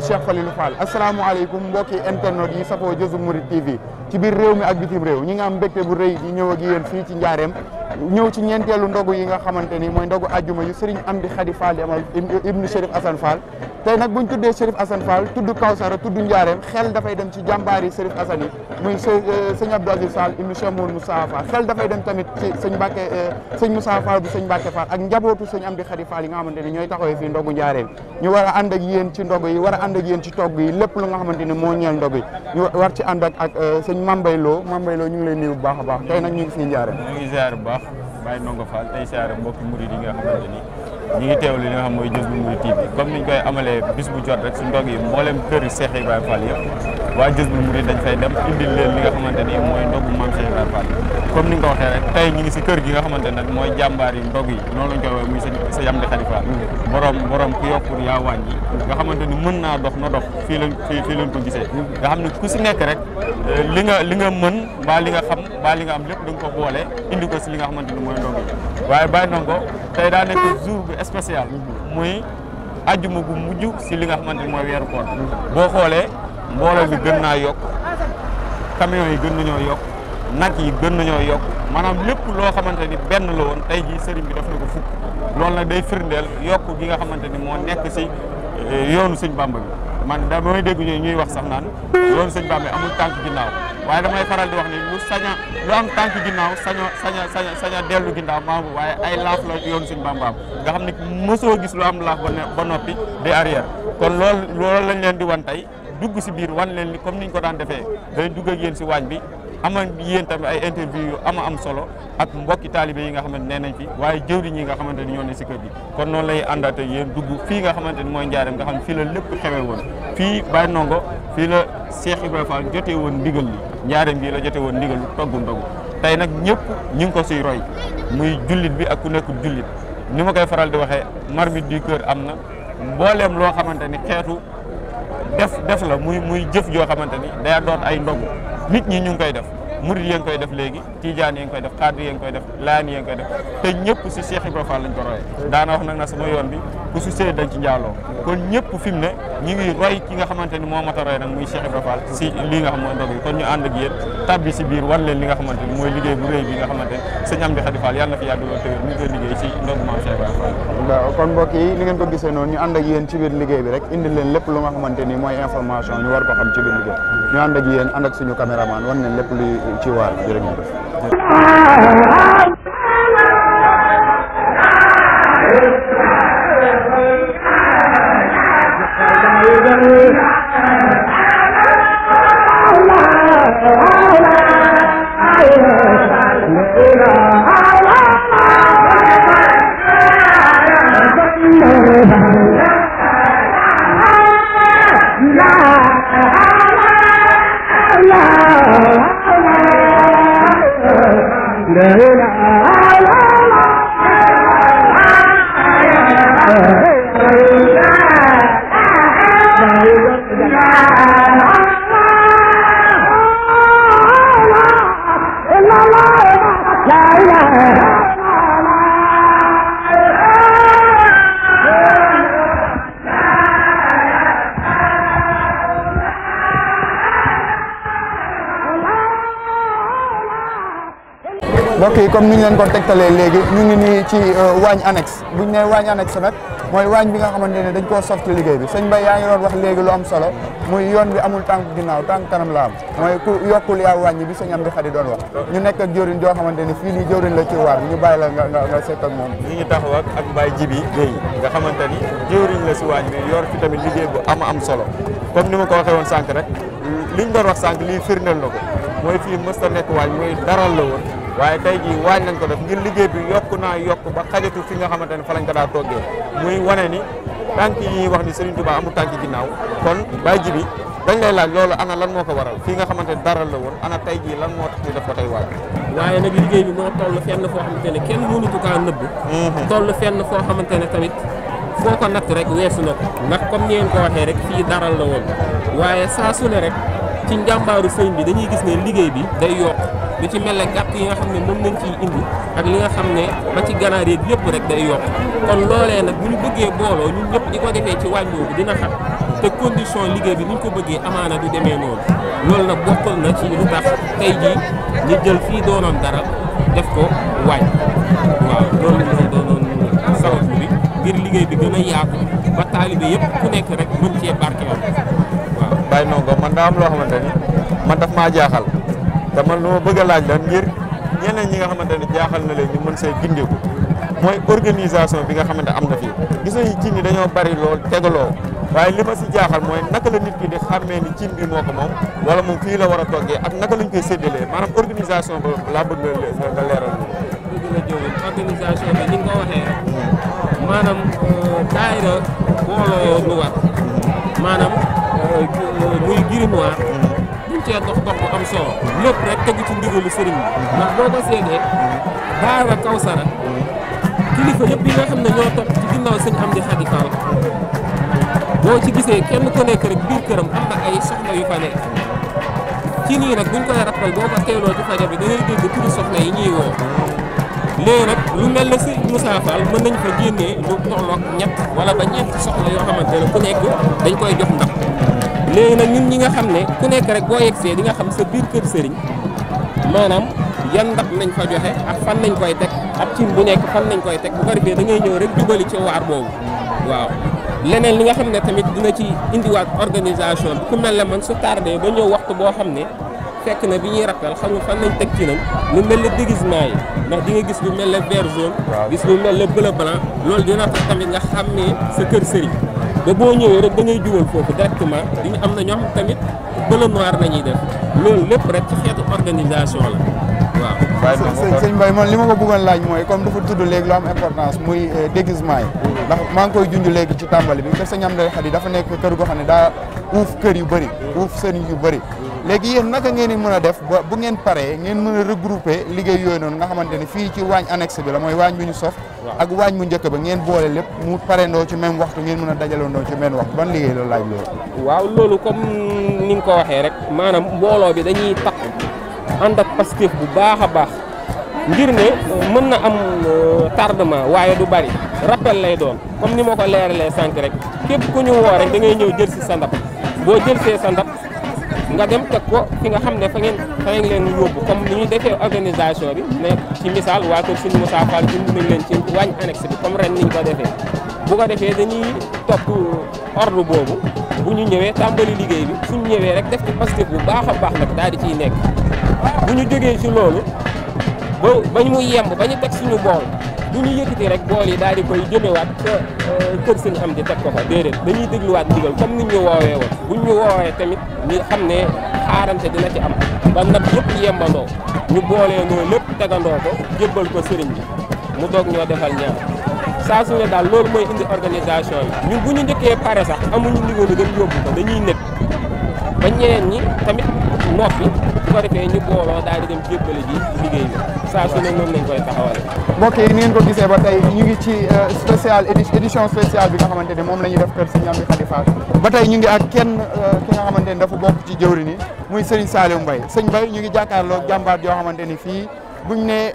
la Cheikh Falilou Fall asalaamaaleykum mbokki internet yi safoo Jazboul Mouride TV ci biir réew mi ak bitim réew ñi nga am mbégte bu rëy yi ñëw ak yéen fii ci njaareem ñëw ci ñeenteelu ndogu yi nga xamante ni mooy ndogu ajjuma yu Serigne Amdi Khady Fall di amal ibnu Chérif Assane Fall tey nag bu ñu tuddee Cherif Assane Fall tudd Kawsara tudd Njaareem xel dafay dem ci jàmbaar yi Cherif Assane yi muy euh, sëñ Abdou Aziz Fall ibnu Cheikh Mouhamadou Moustapha Fall xel dafay dem tamit ci sëñ Mbacke euh, sëñ Moussa Fall bu sëñ Mbacke Fall ak njabootu sëñ Amdi Khadi Fall yi nga xamante ne ñooy taxawee fii ndogu Njaareem ñu war a ànd ak yéen ci ndog yi war a ànd ak yéen ci togg yi lépp lu nga xamante ne moo ñeel ndog yi ñu war ci ànd ak ak euh, sëñ Mambay loo Mambay Lo ñu ngi lay nuyu bu baax a baax tey nag ñu ngi fi Njaareem ñu ngi ziar bu baax Baye ñi ngi teewlu li nga xam mooy Jazboul Mouride TV comme niñ koy amalee bis bu jot rek su ndog yi mboolem kër yi Cheikh Ibrahima Fall yëpp waa Jazboul Mouride dañ fay dem indil leen li nga xamante ni mooy ndogu maam Cheikh Ibrahima Fall comme ni nga ko waxee rek tey ñi ngi si kër gi nga xamante nag mooy jàmbaar yi ndog yi noonu lañ koy muy sa yam di xalifa borom borom ku yokk yaa wàññi nga xamante ni mën naa dox na dox fii lañ fii lañ ko gisee nga xam ne ku si nekk rek eh, li nga li nga mën mbaa li nga xam baa li nga am lépp da nga ko boole indi si li nga xamante ni mooy ndongo yi waaye Baye Ndongo tey daa nekk jour bu spécial mooy ajjuma gu mujj si li nga xamante ni mooy weeru koor boo xoolee mbooloo bi gën naa yokk camion yi gën nañoo yokk nag yi gën nañoo yokk maanaam lépp loo xamante ni benn la woon tey jii sëriñ bi def ko fukk loolu nag day firndeel yokk bi nga xamante ni moo nekk si eh, yoonu sëñ Bàmba bi man damay dégg ñuy wax sax naan yoonu sëñ Bamba amul tànk ginnaaw waaye damay faral di wax ni lu saña lu am tànk ginnaaw saña saña saña saña dellu ginnaaw maamu waaye ay laaf la yoonu suñ Bamba mbaam nga xam ne mosoo gis lu am laaf ba noppi di arrière kon lool loolu lañ leen di wan tey dugg si biir wan leen ni comme niñ ko daan defee dañ dugg yéen si waañ bi am nañ yéen tamit ay interview yu ama am solo ak mbokki taalibe yi nga xamante nee nañ fi waaye jëwriñ yi nga xamante ni ñoo ne si kër gi kon noonu lay àndaate yéen dugg fii nga xamante ni mooy njaareem nga xam ne fii la lépp xewee woon fii Baye Ndongo fii la Cheikh Ibrahima Fall jotee woon ndigal li njaareem bii la jotee woon ndigal lu toggu ndogu tey nag ñëpp ñu ngi ko siy roy muy jullit bi ak ku nekkul jullit ni ma koy faral di waxee marmite du cœur am na mbooleem loo xamante ni xeetu def def la muy muy jëf joo xamante ni day doon ay ndogu nit ñi ñu ngi koy def murid yi ngi koy def léegi tijaan yi ngi koy def xaadir yi koy def laan yi ngi koy def te ñëpp si Cheikh Ibrahima Fall daana wax nag na sama yoon bi ku su see dañ ci njaaloo kon ñëpp fi mu ne ñu ki nga xamante ni moo mat a roy nag muy si lii nga xam mooy ndog yi ànd ak yéen tabbi si biir wan leen li nga xamante ni mooy liggéey bu réy bi nga xamante ni sëñ Amdi Khady Fall yàlla fi yàgg lool téwér ñu koy liggéey si ndog maam Cheikh Ibrahima Fall waaw kon mbokk yi ni ngeen ko gisee noonu ñu ànd ak yéen ci biir liggéey bi rek indi leen lépp lu nga xamante ni mooy information ñu war ko xam ci waar jërë ngeen def comme ni ñu leen ko tegtalee léegi ñu ngi nii ci euh, waañ annexe bu ñu nee waañ annexe nag mooy waañ bi nga xamante ne dañ koo sof ci liggéey bi sëñ Mbaye yaa ngi doon wax léegi lu am solo muy yoon bi amul tànk ginnaaw tànk kanam la am mooy ku yokkul yaa wàññi bi sëñ am di xadi doon wax ñu nekk ak jëwriñ joo xamante ne fii nii jëwriñ la ci waar ñu bàyyi la nga moom ñi ngi taxaw ak ak Mbaye Jibi Guèye nga xamante ni jëwriñ la si waañ bi yor fi tamit liggéey bu am am solo comme ni mu ko waxee woon sànq rek liñ doon wax sànq lii firndeel na ko mooy fii mësta nekk waañ mooy daral la woon waaye tey jii waañ nañ ko def ngir liggéey bi yokk naa yokk ba xajatu fi nga xamante ne fa lañ ko daa toggee muy wane ni tànk yi ñuy wax ni Serigne Touba amul tànk ginnaaw kon bàyyi ji bi dañ lay laaj loolu ana lan moo ko waral fii nga xamante ne daral la woon ana tey jii lan moo tax ñu def ko tey waaj waaye nag liggéey bi moo toll fenn foo xamante ne kenn mënu nëbb mhm. toll fenn foo xamante ne tamit foo ko natt rek weesu na ko ndax comme ni ngeen ko waxee rek fii daral la woon waaye saa su rek ci njàmbaaru sëñ bi dañuy gis ne liggéey bi day yokk lu ci mel ne gàtt yi nga xam ne moom lañ ciy indi ak li nga xam ne ba ci ganaar yeeg yépp rek day yokk kon loolee nag bu ñu bëggee booloo ñun ñëpp di ko defee ci wàññi boobu dina xat te condition liggéey bi ni ñu ko bëggee amaana du demee noonu loolu nag bokkal na ci lu tax tey jii ñu jël fii doonoon dara def ko wàññ waaw loolu la doonoon sabab bi ngir liggéey bi gën a yaatu ba taalibe yëpp ku nekk rek mën cee barkeel waaw. Baye Ndongo man daa loo xamante ni man daf te lo lu ma bëgg a laaj lan ngir ñeneen ñi nga xamante jaaxal na leen ñu mën see gindeeku mooy organisation bi nga xamante am na fii gis nañu cin yi dañoo bari lool tegaloo waaye li ma jaaxal mooy naka la nit ki di xàmmee ni cin bi moo ko wala moom fii la war a ak naka lañ koy organisation bëgg nga ñu. organisation bi ni nga euh, euh, muy cee dox dox bu am ci ndigalu bi ndax boo ko seetee daara Kawsara kilifa ci boo ci gisee kenn ku nekk rek biir këram am na ay soxna yu fa nekk ci nii nag buñ koy rappal boo ko teeloo ci fajar bi da ngay turu soxna yi ñuy woo nag lu mel ne si Moussa Fall mën nañ fa génnee lu tolloog ñett wala ba ñeent soxna yoo xamante ne ku nekk dañ koy jox ndax léegi nag nit ñi nga xam ne ku nekk rek boo yegsee di nga xam sa biir kër sëriñ maanaam yan ndax nañ fa joxe ak fan nañ koy teg ak cin bu nekk fan nañ koy teg bu ko defee da ngay ñëw rek jubali ci waar boobu waaw leneen li nga xam ne tamit dina ci indiwaat organisation bi ku mel ne man su tardé ba ñëw waxtu boo xam ne fekk na bi ñuy rakkal xamul fan lañ teg ci nañ lu mel ne déguisement yi ndax di nga gis lu mel ne vert jaune gis lu mel ne bleu loolu dina tax tamit nga xàmmee sa kër sëriñ ba boo ñëwee rek da ngay jubal foofu directement di nga am na ñoo xam tamit bleu noir la ñuy def loolu lépp rek ci xeetu organisation la waaw. bay Mbaye man li ma ko bëggoon laaj mooy comme dafa tudd léegi lu am importance muy euh, déguisement yi. Mm-hmm. ndax maa ngi koy junj léegi ci tàmbali bi kër sëñ Amady Khady dafa nekk kër goo xam ne daa uuf kër yu bëri. uuf sëriñ yu bëri. Mm-hmm. léegi yéen naka ngeen di mën a def ba bu ngeen paree ngeen mën a regrouper liggéey yooyu noonu nga xamante ne fii ci waañ bi la mooy waañ bi ñu sof ak waañ mu njëkk ba ngeen boole lépp mu parendoo ci même waxtu ngeen mën a dajalandoo ci même waxtu ban liggéey loolu laaj waaw loolu comme ni nga ko waxee rek maanaam mbooloo bi dañuy takk ànd ak Pastef bu baax a baax ngir ne mën na am euh, tardement waaye du bari rappel lay doon comme ni ma ko leeralee sànq rek képp ku ñu woo rek ñëw jël si sa boo jël see sa ndab nga dem teg ko fi nga xam ne fa ngeen nu ngeen leen yóbbu comme ni ñu defee organisation bi ne ci misaal waa kër suñu Moussa Fall bind nañ leen ci wàññi annexe bi comme ren niñ ko defee bu ko defee dañuy topp ordre boobu bu ñu ñëwee tàmbali liggéey bi suñu ñëwee rek def ci positif bu baax a baax nag daal di ciy nekk bu ñu jógee ci loolu ba bañ mu yemb ba ñu teg suñu bool du ñu yëkkati rek bool yi daal di koy jëmewaat ca euh, kër sëñ am di teg ko fa déedéet dañuy dégluwaat ndigal comme ni ñu woowee woon buñ ñu woowee tamit ñu xam ne xaarante dina ci am ba nag yëpp yembandoo ñu boolee noo lépp tegandoo ko jébbal ko sëriñ bi mu doog ñoo defal ñaar saa su daal loolu mooy indi organisation bi ñun bu ñu njëkkee pare sax amuñu ndigalu dem yóbbu ko dañuy nekk ba ñeneen ñi tamit noppi bu ko defee ñu booloo daal di dem jébbale ji liggéey bi saa su ne moom lañ koy taxawale mbokk yi ngeen ko gisee ba tey ñu ngi ci spécial édition spéciale bi nga xamante ne moom la ñuy def kër Serigne Amdy Khady Fall ba tey ñu ngi ak kenn ki nga xamante ne dafa bokk ci jëwri ni muy Serigne Saliou Mbaye sëñ Mbaye ñu ngi jàkkaarloo jàmbaar yoo xamante ni fii buñ ne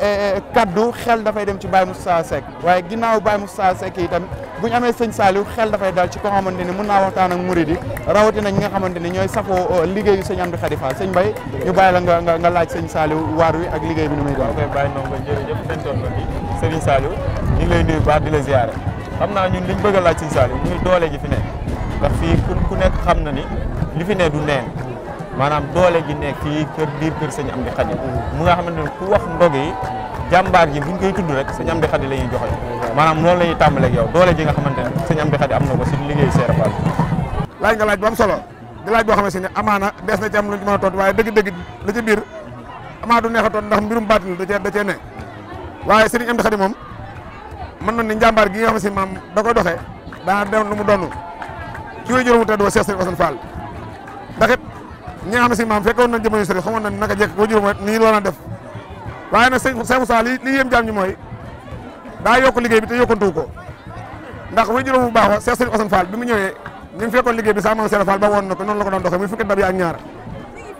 kaddu xel dafay dem ci Baye Moussa Seck waaye ginnaaw Baye Moussa Seck yi tamit bu ñu amee sëñ Saliou xel dafay dal ci ko xamante ni mun naa waxtaan ak murid yi rawatina ñi nga xamante ni ñooy safoo euh, liggéeyu sëñ Amdi Khady Fall sëñ Mbaye ñu bàyyi la nga nga laaj sëñ Saliou waar wi ak liggéey bi nu muy doon. waaw kay bàyyi noonu ba jërëjëf sëñ Tonton bi Serigne Saliou ñu ngi lay nuyu baax di la ziyaare xam naa ñun liñ bëgg a laaj sëñ Saliou muy doole ji fi ne ndax fii ku nekk xam na ni li fi ne du neen maanaam doole ji nekk kii kër biir kër sëñ Amdi Khady mu nga xamante ne ku wax ndog yi jambar ji buñ koy tuddu rek sëñ Amdi Xadi lañuy joxe manam non lañuy ñuy tàmbaleeg yow doole ji nga xamantene ne sëñ Xadi amna ko ci liggéey Seera Fall laaj nga laaj bu am solo di laaj bo xam ne si ne na ci am lu ci mëna a waye deug deug la ci bir amadu du ndax mbirum batil da ci da ci ne waye sëriñ Amdi Xadi mom mën na ni jambar gi nga xam ne si maam da koy doxee daa doon lu mu donu ci wéy mu tedd wa Seex serigne ousmane Fall ndax it ñi nga xam ne si maam na jëmale serigne xamone na naka jek ko ni lo na def waaye saya sëñ Cheikh li li yéem jaam ñi mooy daa yokk liggéey bi te yokkantu ko ndax way juróom bu baax Cheikh sëñ Assane Fall bi mu ñëwee ñu fekkoon liggéey bi sama Cheikh Fall ba woon na ko noonu la ko doon doxee muy fukki dab yi ak ñaar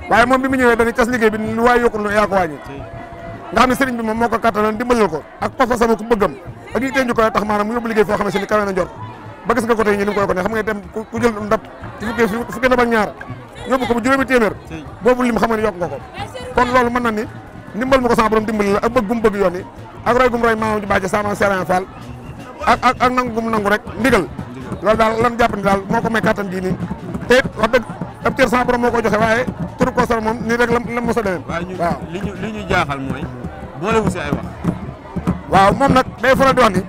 waaye moom bi mu dañu cas liggéey bi lu waay yokkul lu yaa ko wàññi nga xam ne sëriñ bi moom moo ko kattanoon dimbalal ak pas sama ku bëggam ak yi teen ju koy tax maanaam mu yóbbu liggéey foo xam ne ni kawe ba gis nga ko ñu ko ne xam nga dem ku jël ndab ci fukki ak ñaar bu lim nga ko kon na ni nimbal mako sama borom dimbali ak bëggum bëgg yoni ak ray gum ray maam ji baaje sama seran fall ak ak ak nangum gum nangu rek ndigal lool dal lan japp ni daal moo may katan di ni te wax dëgg ab ter sama borom moko joxe waye turu ko sama mom ni rek lam lam mësa dem waaw liñu liñu jaaxal moy boole wu ci ay wax waaw mom nak day faral di wax ni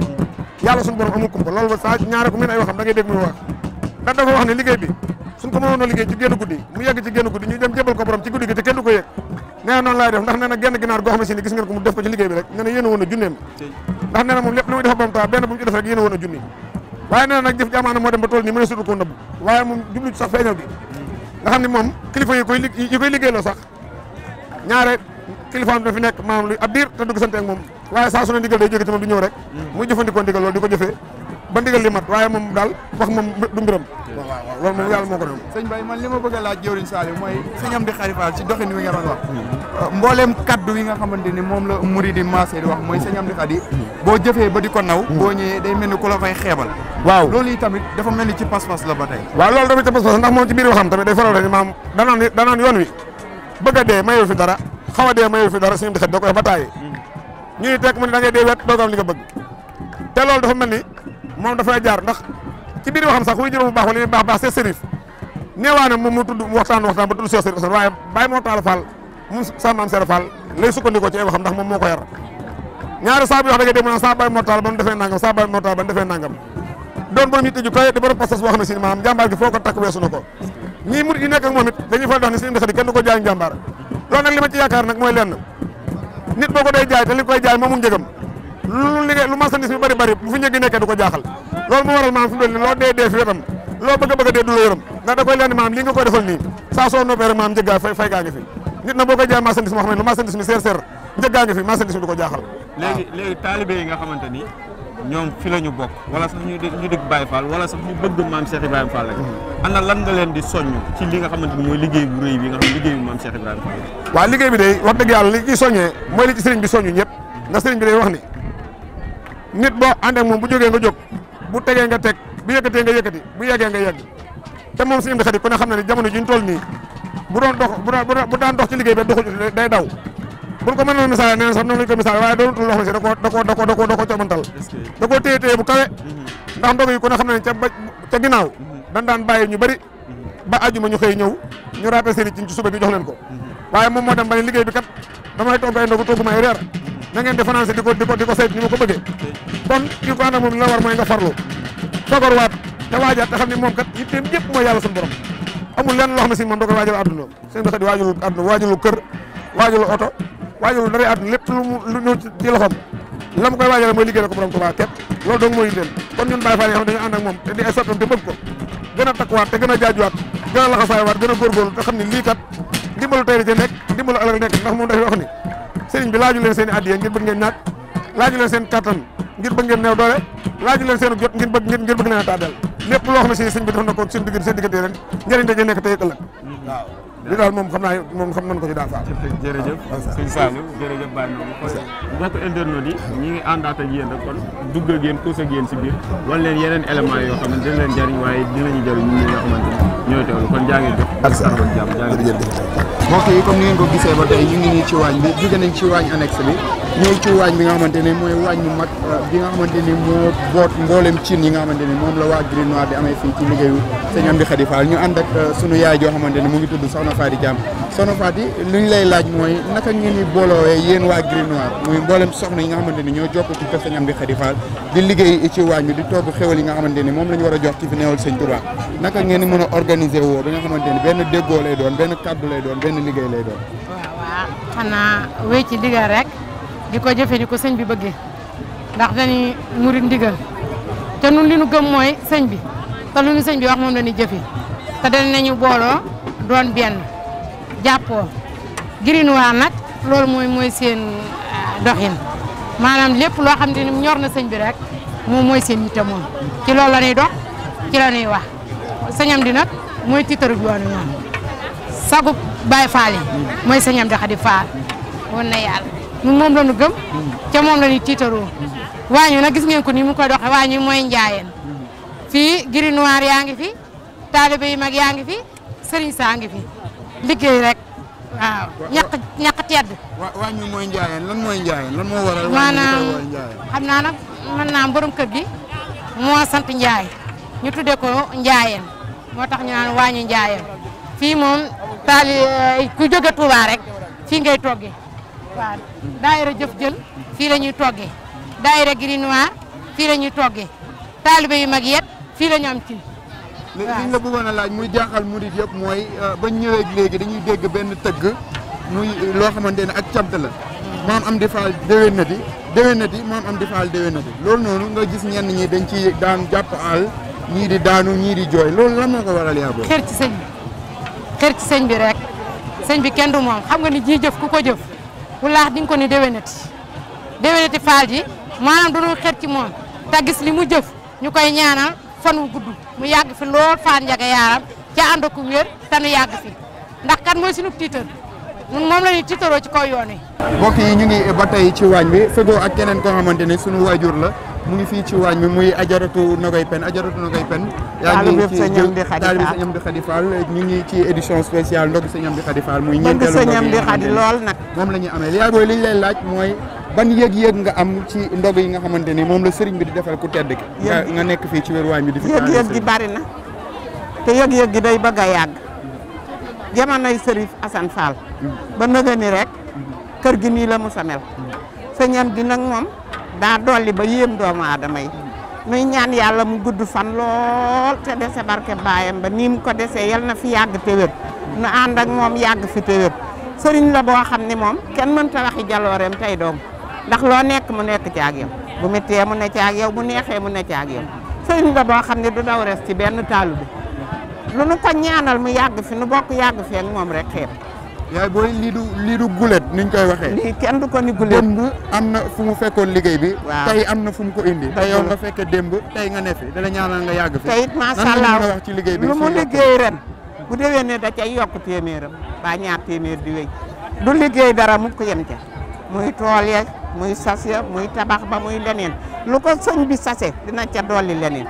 yalla sun borom amul kumpa ba sa ñaara ko min ay waxam da ngay deg muy wax da dafa wax ni liggéey bi sun ko mo wono liggéey ci gennu guddii mu yegg ci gennu guddii ñu dem jébal ko borom ci guddii gi te kenn du ko yegg nee noonu laay def ndax nee genn ginaar goo si ni gis ngeen ko mu def ko ci bi rek nee na a woon a junneem ndax nee na moom lépp lu muy defa bamta def a woon a junni waaye nee jëf ji moo dem ba toll nii mën ne moom kilifa yi koy yi koy liggéey loo sax ñaare kilifaam dafa fi nekk maanaam lu moom waaye saa su ne ndigal day jóge ci moom du hmm. loolu di ko jëfee ba ndigal li waaye moom daal wax moom du mbiram waaw waaw loolu moom yàlla moo ko doon. sëñ Baye man li ma bëgg a laaj jëwriñ mooy sëñ Amdi Khary Fall ci doxin wi nga doon wax. Mm-hmm. mbooleem kaddu yi nga xamante ni moom la Mouride Massé di wax mooy sëñ Amdi Khady mm-hmm. boo jëfee ba di mm-hmm. a mayu fi dara xaw a dee mayu fi dara sëñ Amdi Khady da koy ba ñuy teg mu ne da dee wet doog am li bëgg te loolu dafa mel ni moom dafay jaar ndax ci biir waxam sax way ñu bu baax wala ñu baax baax c'est Serif neewaa mo moom mu tudd waxtan waxtaan ba tuddu c'est Serif Assane bay mo Mor Talla mu samam sa maam Serif Fall lay sukkandiko ci ay waxam ndax mom moko yar ñaari saa bu wax da nga dem na sa bay mo Mor ba mu defé nangam sa bay mo Talla ba mu defee nangam doon bo yitte ju kay di borom pas bo boo seen ne jambar gi foko tak wessu nako na ko ñii mu di nekk ak momit dañu fa dox ni seen ndexati kenn du ko jaay jambar lo nak lima ci yaakaar nak moy lenn nit boko day jaay te li koy jaay moom mu njëgam lu lu ma sa marchandise bi bari bari bu fi ñeegi nekk du ko jaaxal loolu mo waral maam fi mel ni lo dé dé fi wetam lo bëgg bëgg dé du lo yërëm ndax da koy lén maam li nga ko defal ni sa so no rek maam jëgga fay fay gaangi fi nit na boko koy jaay marchandise moo xam ne lu marchandise mi seer seer njëggaa ngi fi ma mi du ko jaaxal légui légui talibé yi nga xamanteni ñom fi lañu bok wala sax ñu ñu dëgg Baye Fall wala sax ñu bëgg maam Cheikh ibrahim Fall rek ana lan nga leen di soñu ci li nga xamanteni moy liggéey bu reuy bi nga xam liggéey maam Cheikh ibrahim Fall wa liggéey bi day wax dëgg yalla li ci soñé moy li ci sëriñ bi soñu ñëpp ndax sëriñ bi day wax ni nit bo ànd mom bu jógee nga jog bu tege nga tek bu yekete nga yëkkati bu yeggee nga yegg te mom si Ibnu ko na xamna ni jamono juñ tol ni bu don dox bu daan dox ci liggéey be doxu day daw bu ko manal misaal neen na sax noonu lañ ko misaal waaye doonutul loxo si da dako dako dako dako koo da koo da tey cobantal bu kawé mhm. ndax ndog yi ko ne xam na ne ca ca ginaaw mhm. dañ dan baye ñu bari mhm. ba ajuma ñu xey ñew ñu rapé seen i ci suba bi jox leen ko waye mom mo dem ba ne bi kat dama togg ay ndogu togguma ay reer na ngeen di financé di ko di ko di ko saytu ni ma ko bëggee kon ñu ko ànd moom la war mooy nga farlu fagarwaat te waajaat te xam ne moom kat yitteem yëpp mooy yàlla suñu amul lenn loo xam si moom da na ko borom Tuubaa képp loolu dong mooy yi xam ne dañu ànd moom te di ay sottam te bëgg ko gën a takkuwaat te gën a jaajuwaat gën a laxasaaywaat gën a góorgóorlu te xam ne lii kat ndimbalu tey ci nekk ndimbalu ëllëg nekk ndax moom dafay wax ni sëriñ bi laaju leen seen i addiya ngir bëgg ngeen ñàkk laaju leen seen kattan ngir bëgg ngeen neew doole laaju leen seen jot ngir bëgg ngir bëgg leen a tàddal lépp loo xam ne si sëriñ bi def na ko seen digg seen diggante ren njëriñ dañuy nekk li daal moom xam naa moom xam nañ ko ci daa faal jërëjëf sëñ Saliou jërëjëf Baye Maodo kon mbokk internet ngi àndaat ak kon dugg ak yéen kuus ak yéen si biir wan yeneen élément yoo xam ne dina jariñ waaye dinañu jariñ ñi nga xamante ñooy teewlu kon jaa ngeen jëf ak saxoon jàmm jaa bi jóge nañ ci waañ annexe bi ñëw ci waañ bi nga xamante ne mooy waañ bu mag euh, bi nga xamante ni moo boot mboolem cin yi nga xamante ni moom la waa Green Noir di amee fii ci liggéeyu sëñ Amdi Khady Fall ñu ànd ak euh, sunu yaay joo xamante ne Soxna Fadi Diam Soxna lay laaj mooy naka ngeen di booloowee yéen waa Green Noir muy mboolem soxna yi nga xamante ni ñoo jokk ci kër sëñ Amdi Khady Fall di liggéey ci waañ bi di togg xéwal yi nga xamante ni moom la ñu war a jox ci fi neewal sëñ Touba naka ngeen di mën a organiser woo ba nga xamante ni benn déggoo doon benn kàddu lay doon benn liggéey lay doon xanaa wéy ci digal rek diko ko jëfe ni ko sëñ bi bëggé ndax dañi murid ndigal té ñun li ñu gëm moy señ bi té lu señ bi wax moom la ñuy té dañ nañu bolo doon benn jappo girin wa nak lool moy moy seen euh, doxin manam lepp lo xamni ñu ñor na señ bi rek mo moy seen yitte mom ci lool lañuy dox ci lañuy wax señam di nak moy titeur bi ñoom ñaan sagu baye faali moy señam di Xadi faa woon na yàlla moom la ñu gëm ca moom la ñu tiitaroo waañu nag gis ngeen ko ni mu koy doxee waañu mooy njaayeen fii giri noir yaa ngi fi taalibe yi mag yaa ngi fi sëriñ saa ngi fi liggéey rek waaw ñàkk ñàkk tedd waañu mooy njaayeen lan mooy njaayeen lan moo waral maanaam xam naa nag mën naa borom kër gi moo sant njaay ñu tuddee ko njaayeen moo ñu naan waañu njaayeen fii moom taali ku jóge Touba rek fii ngay toggee waaw jëf jël fii la ñuy toggee daayira Gris fii la ñuy toggee taalibe yi mag yet fii la ñu am cin léegi laaj muy jaaxal murit yëpp mooy euh, ba ñëwee léegi dañuy dégg benn tëgg muy euh, loo xamante ne ak cant la moom am di faal déwén na di déwén na moom am di faal déwén na di loolu noonu nga gis ñenn ñi dañ ci daan jàpp àll ñii di daanu ñii di jooy loolu lan moo ko waral yaa boobu ci sëñ bi xër ci sëñ bi rek sëñ bi kenn du moom xam nga ni ji jëf ku ko jëf wallaax di nga ko ne déwénati déwénati faal ji maanaam dañoo xet ci moom te li mu jëf ñu koy ñaanal fan wu gudd mu yàgg fi lool faal njaga yaaram ca ànd ak wér te nu yàgg fi ndax kan mooy sunu tiitar ñun moom la ñuy tiitaroo ci kaw yoon wi. mbokk yi ñu ngi ba tey ci waañ bi fegoo ak keneen koo xamante ne sunu waajur la. mu ngi fii ci waañ bi muy ajaratu Nogay Pen ajaratu Nogay Pen yaa ngi ci taalibe Sëñ Amdi Xadi Fall ñu ngi ci édition spéciale ndogu Sëñ Amdi Xadi Fall muy ñeenteelu lool nag moom la ñuy amee li yaa booy laaj mooy ban yëg nga am ci ndog yi nga xamante ni moom la sëriñ bi di defal ku tedd ki nga nekk fii ci wér waañ bi di fi yëg-yëg gi bari na te yëg-yëg gi day bëgg a yàgg jamonoy Sërif Asan Fall mm. ba nëga rek kër gi nii la musa mel mm. sëñ am moom daa dolli ba yéem doomu aadama yi nuy ñaan yàlla mu gudd fan lool te dese barke baayam ba nii mu ko desee yal na fi yàgg te wér nu ànd ak moom yàgg fi te sëriñ la boo xam ne moom kenn mënta waxi jalooreem tey doom ndax loo nekk mu nekk ci ak yow bu méttee mu ne ci ak yow bu neexee mu ne ci ak sëriñ la boo xam ne du daw res ci benn taalu bi lu nu ko ñaanal mu yàgg fi nu bokk yàgg fi moom rek xeet yaay boy li du li du goulet ni ñu koy waxe li kenn du ko ni goulet dembu amna na fu mu fekkoon liggéey bi. tay amna am fu mu ko indi. tay yow nga fekke dembu tay nga ne dala ñaanal nga yag fi. tey it sha allah wax ci ligey bi lu mu ligey ren. bu ne da cay yok téeméeram ba ñaar téeméer di wéy du ligey dara mu ko yem ca muy tool ye ya, muy sas ya, muy tabax ba muy lenen lu ko sëñ bi sase dina ca doli lenen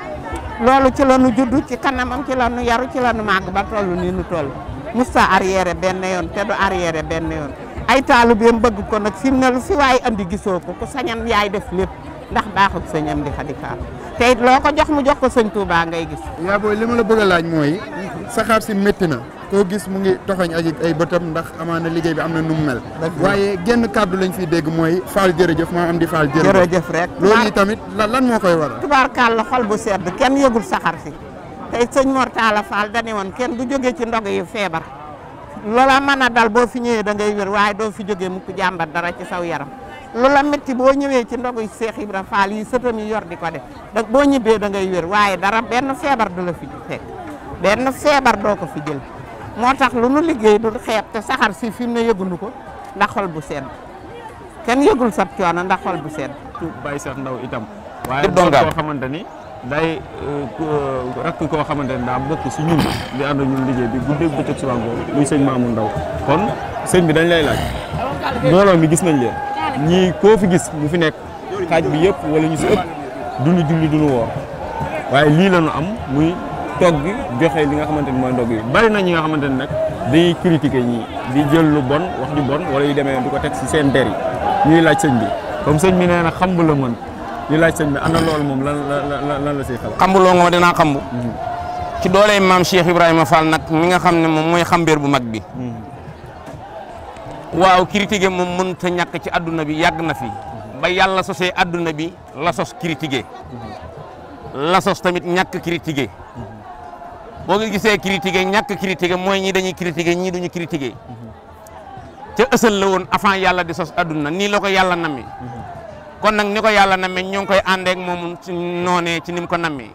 lolu ci lañu juddu ci kanamam ci lañu yaru ci lañu mag ba tollu ni nu tollu musta arrière ben yon te arrière ben yon ay taalibeem bëgg ko nak fi mu fi way andi gisoo ko sañam yaay def lepp ndax baaxut sañam di xadikaam tay it jox mu jox ko señ Touba ngay gis. Ya boy lima la bëgg a laaj mooy saxaar si métti na koo gis mu ngi toxañ aji ay bëtam ndax amana liggey bi amna num mel. waye genn kaddu lañ fi dégg mooy Fall jërëjëf ma am di Fall. jërëjëf jërëjëf rek loolu tamit lan mo koy waral. tubaarkàlla xol bu sedd kenn yëgul saxaar fi tey sëñ Mortala Fall dane woon kenn du jóge ci ndog yi feebar loola mën a dal boo fi ñëwee da ngay wér waaye doo fi jógee mukk jàmbat dara ci saw yaram la métti boo ñëwee ci ndogu Seex ra Fall yi sëtam yi yor di ko def da boo ñibbee da ngay wér waaye dara benn feebar du la fi fekk benn feebar doo ko fi jël moo tax lu nu liggéey du xeeb te saxar si fi mu ne yëgunu ko ndax xol bu sedd kenn yëgul sab coono ndax xol bu sedd. Baye Cheikh Ndaw itam. waaye koo day euh, rakk koo xamante ne daa bokk si ñun di ànd ñun liggéey bi guddeeg bëccëg suba ngoon muy sëñ Maamu Ndaw kon sëñ bi dañ lay laaj mbooloo mi gis nañ leen ñii koo fi gis ñu fi nekk xaaj bi yëpp wala ñu si ëpp duñu julli duñu woor waaye lii la ñu am muy togg joxe li nga xamante ni mooy ndog yi bari nañ ñi nga xamante ni nag day critiquer ñii di jël lu bon wax di bon wala yu demee di ko teg si seen der yi ñuy laaj sëñ bi comme sëñ bi nee na xam la mën di laaj señ bi ana loolu mom lan lan lan la siy xel xambuloo nga ma dinaa xambu mhm. ci doole imam Cheikh Ibrahima Fall nak mi nga xamne mom moy xamber bu mag bi mhm. waaw critiquer mom mën ta ñak ci aduna bi yag na fi mhm. ba yalla sosé aduna bi la sos critiquer la sos tamit ñak critiquer bo nga gisé critiquer ñak critiquer moy ñi dañuy critiquer ñi duñu critiquer ci ësal la won avant yalla di sos aduna ni la ko yàlla namee kon nag ni ko yàlla nammee ñoo ngi koy àndeek moom ci noonee ci ni ko nammee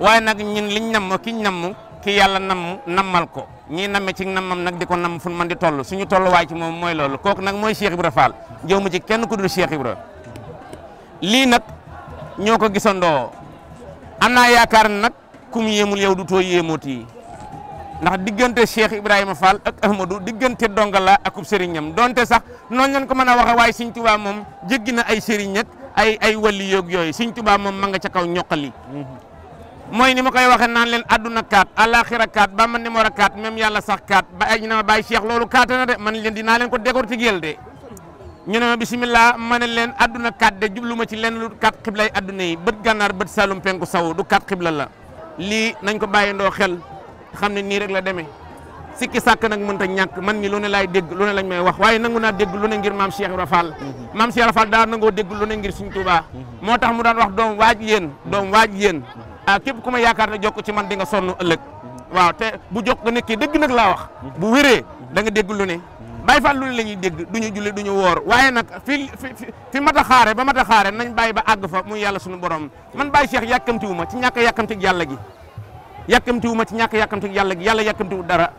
waaye nag ñun liñ namm ki namm ki yàlla namm nammal ko ñii namme ci nammam nag di ko namm fu man di toll suñu tolluwaay ci moom mooy loolu kooku nag mooy Cheikh Ibra Fall jëw mu ci kenn ku dul Cheikh Ibra lii nag ñoo ko gisandoo am naa yaakaar nag kum yéemul yow du too yéemoot ndax digënté Cheikh Ibrahima Fall ak Ahmadou digënté dongala akub sëriñam donté sax non ñan ko mëna waxe way Sëriñ touba mom jéggina ay sëriñ ak ay ay wali yoog yoy Sëriñ touba mom ma nga ca kaw ñokali moy ni ma koy waxe nan leen àdduna kaat alaxira kat ba man mo rakat même yalla sax kat ba ay ñama bay Cheikh lolu de man leen dina leen ko gel de ñu ne bismillah man ma ne leen de jubluma ci lu aduna yi ganar salum penku saw du kat qibla la li nañ ko ndo xel xam ne nii rek la demee sikki sàkk nag mënta ñàkk man mi lu ne laay dégg lu lañ may wax waaye nangu naa dégg lu ne ngir maam Cheikh Ibra Fall mhm. maam Cheikh Ibra Fall daa nangoo dégg lu ne ngir Sëriñ Tuubaa mhm. moo tax mu daan wax doom waaj yéen mhm. doom waaj yéen ah képp ku ma yaakaar ne jokk ci man di nga sonn ëllëg waaw te bu jokk nga nekkee nag laa wax bu wéree da nga dégg lu ne bàyyi fal lu ne la ñuy dégg duñu julli duñu woor waaye nag fi fi fi a xaare ba mat a xaare nañ bàyyi ba àgg fa mu yàlla suñu borom man bàyyi Cheikh yàkkamtiwu wuma ci ñàkk a yàkkamti yàlla gi ma ci ñàkk yalla yalla yakamti wu dara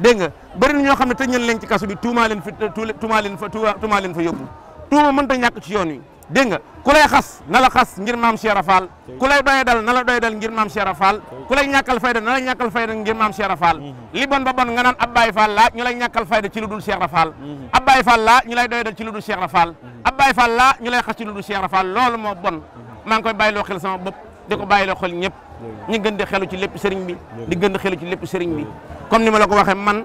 dégg nga bari ñu xamne xam ne leen ci kasu bi tuumaa leen fi tuumaa leen fa tuumaa leen fa yobbu tuuma mën ta ñak ci yoon yi dégg nga ku lay xass na la xass ngir maam Cheikh Rafal ku lay doy dal na la doy dal ngir maam Cheikh Rafal ku lay ñakal fayda na la ñakal fayda ngir maam Cheikh Rafal mhm. li bon ba bon nga nan abbay Fall la ñu lay ñakal fayda ci luddul Cheikh Rafal mhm. abbay Fall la ñu lay doy dal ci luddul Cheikh Rafal mhm. abbay Fall la ñu lay xass ci luddul Cheikh Rafal loolu mo bon mang koy xel sama bop diko xel ñi gën di xelu ci lepp sëriñ bi di gën di xelu ci lepp sëriñ bi comme ni ma la ko waxe man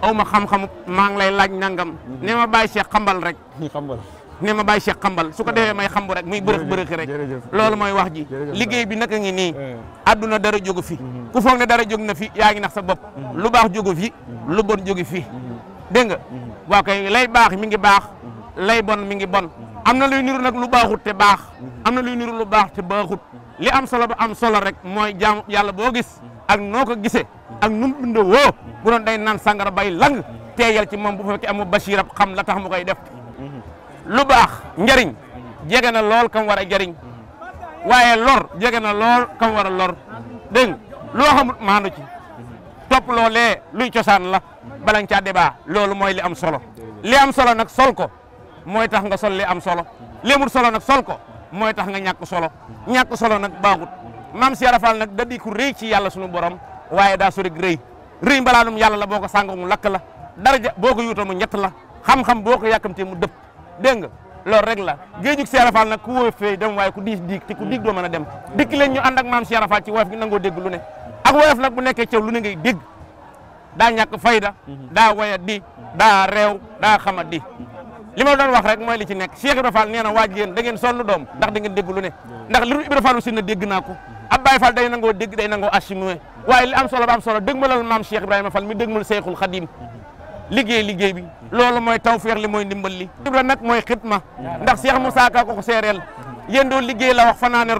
aw ma xam-xamu maa ngi lay laaj nangam ne ma bàyyi Cheikh xambal rek xambal ne ma bàyyi Cheikh xambal su ko ah. defee may xambu rek muy bërëx bërëxi rek loolu moy wax ji liggéey bi naka ngi ni aduna eh. dara jógu fi mm-hmm. ku fokk ne dara jóg na fi yaangi ngi nax sa bop mm-hmm. lu bax fi mm-hmm. lu bon fi deng nga wa kay lay bax mi ngi bax lay bon mi ngi bon am na luy niru nag lu baaxut te baax am na luy niru lu baax te baaxut li am solo ba am solo rek mooy jaamu yàlla boo gis ak noo ko gisee ak num bindoo woo bu doon day naan sàngara bay lang teeyal ci moom bu fekkee amu basirab xam la tax mu koy def lu baax njëriñ jege na lool kam war a waaye lor jege na lool kam war a lor dégg nga loo xamut maandu ci topp loolee luy cosaan la balañ caa débat loolu mooy li am solo li am solo nag sol ko moy tax nga sol li am solo limul solo nak sol ko moy tax nga ñak solo ñak solo nak baaxut mam si rafal nak da di ku reey ci yalla suñu borom waye da sorig reey reey mbalanum yalla la boko sangum lak la daraja boko ko mu ñett la xam-xam boko ko mu dëpp deeng lor rek la geejuk si rafal nak ku dem waye ku diis dik te ku dik do mën dem dik leen ñu and ak mam si rafal ci woyof gi nango deg lu ne ak nak bu ci lu ne ngay deg da ñak fayda mhm. da waya di da rew, da xama di li ma doon wax rek mooy li ci nekk Cheikh Ibra Fall nee na waaj yéen da ngeen sonn doom ndax da ngeen dégg lu ne ndax li Ibra Fall si na dégg naa ko ab Baye Fall day nangoo dégg day nangoo assumé li am solo ba am solo dégmalal maam Cheikh Ibrahima Fall mi dégmal Seyxul Xadim liggéey liggéey bi loolu mooy tawfeex li mooy ndimbal li Ibra nag Ka ko ko seereel yéen doo liggéey la wax fanaane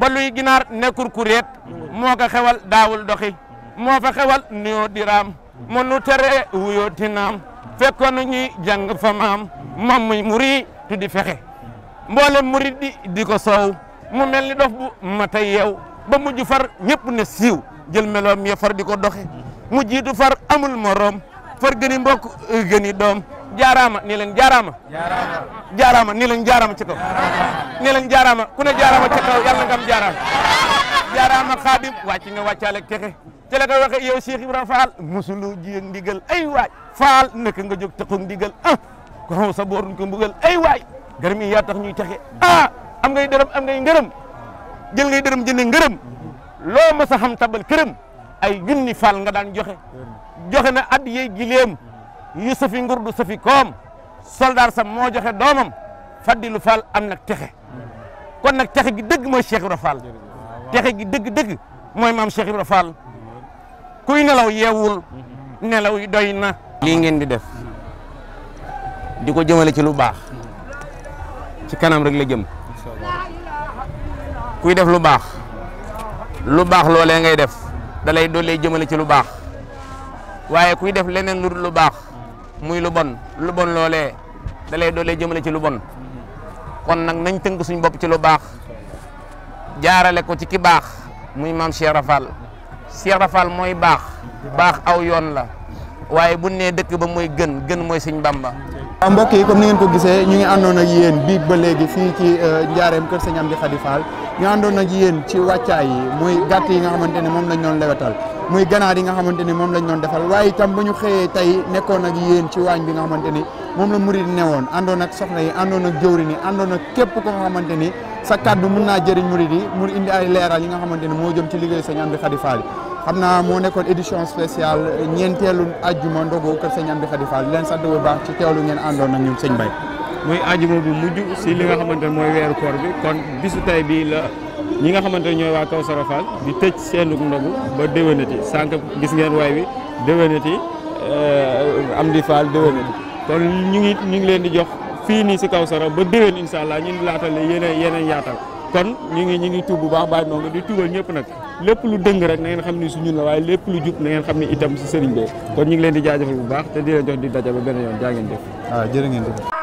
ba luy ginaar nekkul kureet moo ko xewal daawul doxi moo fa xewal nuyoo diraam mënu tere wuyooti naam fekkoon ñuy jàng fa maam mam muy muri tu di fexe mboolem muri di di ko soow mu mel ni dof bu mata yeew ba mujj far ñëpp ne siiw jël meloom ya far di ko doxe mu far amul moroom far gëni mbokk gëni doom jaaraama ni leen jaaraama jaaraama ni leen jaaraama ci kaw ni leen ku ne jaaraama jaaraama xaadim wàcc nga wàccaale ak texe ci la ko waxee yow Cheikh Ibrahima Fall musulu jiyeg ndigal ay waay Fall naka nga jóg taxaw ndigal ah ko xam sa boor duñ ay waay garmi yaa tax ñuy texe ah am ngay dërëm am ngay ngërëm jël ngay dërëm jënd ngërëm loo mës a xam tabal kërëm ay junni Fall nga daan joxe joxe na at yey gileem yu safi ngur du safi koom soldaar sa moo joxe doomam faddilu Fall am nag texe kon nag texe gi dëgg mooy Cheikh texe gi deug deug moy mam Cheikh Ibrahim. Fall kuy nelaw yewul nelaw doyna li ngeen di def diko jëmele ci lu bax ci kanam rek la jëm kuy def lu bax lu bax lolé ngay def dalay dolé jëmele ci lu bax waye kuy def leneen lu lu bax muy lu bon lu bon lolé dalay dolé jëmele ci lu bon kon nak nañ teunk suñu bop ci lu bax jaarale ko ci ki baax muy maam Cheikh Rafal Cheikh Rafal mooy baax baax aw yoon la waaye bu nee dëkk ba mooy gën gën mooy sëñ Bamba waaw mbokk yi comme ni ngeen ko gisee ñu ngi àndoon ak yéen biig ba léegi fii ci euh, njaareem kër sëñ Amdi Khady Fall ñu àndoon ak yéen ci wàccaay yi muy gàtt yi nga xamante ne moom lañ doon lewetal muy ganaar yi nga xamante ne moom lañ doon defal waaye itam bu ñu xëyee tey nekkoon ak yéen ci waañ bi nga xamante ni moom la murid newoon àndoon ak soxna yi àndoon ak jëwriñ yi àndoon ak képp ko nga xamante ni sa kàddu mën naa jëriñ murid yi mu indi ay leeral yi nga xamante ni moo jëm ci liggéey sëñ Amdy Khady Fall xam naa moo nekkoon édition spéciale ñeenteelu ajjuma ndogu kër sëñ Amdy Khady Fall leen sant bu baax ci teewlu ngeen àndoon ak ñun sëñ Bay muy ajjuma bu mujj si li nga xamante ne mooy weeru koor bi kon bisu tay bii la ñi nga xamante ne ñooy waa Kawsara Fall di tëj seenu ndogu ba déwénati sànq gis ngeen waay wi déwénati euh, Amdy Fall déwénati kon ñu ngi ñu ngi leen di jox fii nii si Kawsara ba déwén incha allah ñu ngi laatale yeneen yeneen yaatal kon ñu ngi ñu ngi tuub bu baax bàyyi noo ngi di tuubal ñëpp nag lépp lu dëng rek na ngeen xam ni su ñun la waaye lépp lu jub na xam ni itam si sëriñ bi kon ñu ngi leen di jaajëfal bu baax te di leen jox di daja ba benn yoon jaa ngeen jëf waaw ah, jërë ngeen jëf